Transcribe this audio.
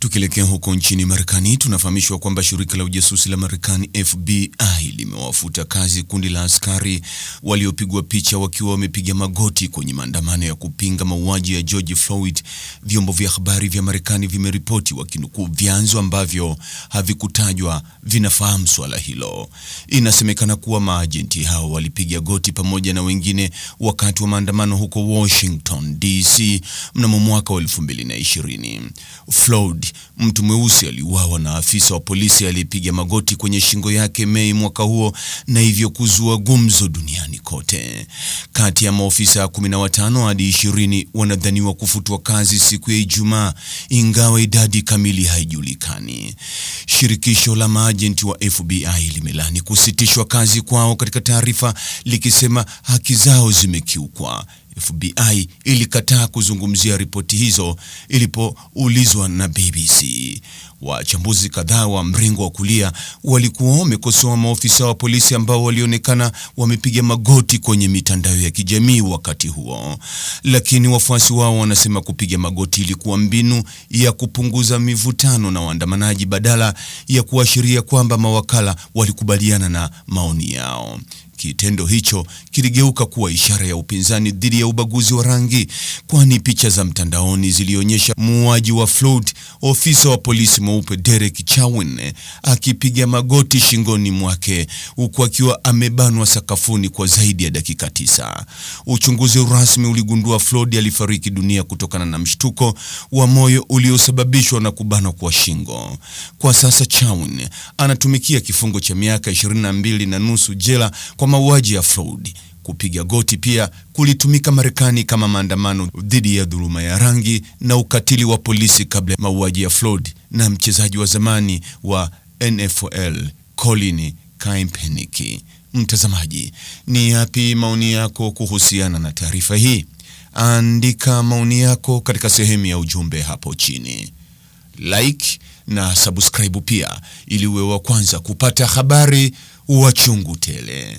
Tukielekea huko nchini Marekani, tunafahamishwa kwamba shirika la ujasusi la Marekani FBI limewafuta kazi kundi la askari waliopigwa picha wakiwa wamepiga magoti kwenye maandamano ya kupinga mauaji ya George Floyd, vyombo vya habari vya Marekani vimeripoti wakinukuu vyanzo ambavyo havikutajwa vinafahamu swala hilo. Inasemekana kuwa maajenti hao walipiga goti pamoja na wengine wakati wa maandamano huko Washington DC mnamo mwaka wa 2020. Floyd mtu mweusi aliuawa na afisa wa polisi aliyepiga magoti kwenye shingo yake Mei mwaka huo na hivyo kuzua gumzo duniani kote. Kati ya maofisa 15 hadi 20 wanadhaniwa kufutwa kazi siku ya Ijumaa, ingawa idadi kamili haijulikani. Shirikisho la maajenti wa FBI limelani kusitishwa kazi kwao katika taarifa likisema haki zao zimekiukwa. FBI ilikataa kuzungumzia ripoti hizo ilipoulizwa na BBC. Wachambuzi kadhaa wa mrengo wa kulia walikuwa wamekosoa maofisa wa polisi ambao walionekana wamepiga magoti kwenye mitandao ya kijamii wakati huo, lakini wafuasi wao wanasema kupiga magoti ilikuwa mbinu ya kupunguza mivutano na waandamanaji badala ya kuashiria kwamba mawakala walikubaliana na maoni yao. Kitendo hicho kiligeuka kuwa ishara ya upinzani dhidi ya ubaguzi wa rangi, kwani picha za mtandaoni zilionyesha muuaji wa Floyd Ofisa wa polisi mweupe Derek Chauvin eh, akipiga magoti shingoni mwake huku akiwa amebanwa sakafuni kwa zaidi ya dakika tisa. Uchunguzi rasmi uligundua Floyd alifariki dunia kutokana na mshtuko wa moyo uliosababishwa na kubanwa kwa shingo. Kwa sasa Chauvin eh, anatumikia kifungo cha miaka 22 na nusu jela kwa mauaji ya Floyd. Kupiga goti pia kulitumika Marekani kama maandamano dhidi ya dhuluma ya rangi na ukatili wa polisi kabla ya mauaji ya Floyd na mchezaji wa zamani wa NFL Colin Kaepernick. Mtazamaji, ni yapi maoni yako kuhusiana na taarifa hii? Andika maoni yako katika sehemu ya ujumbe hapo chini. Like na subscribe pia ili uwe wa kwanza kupata habari wa chungu tele.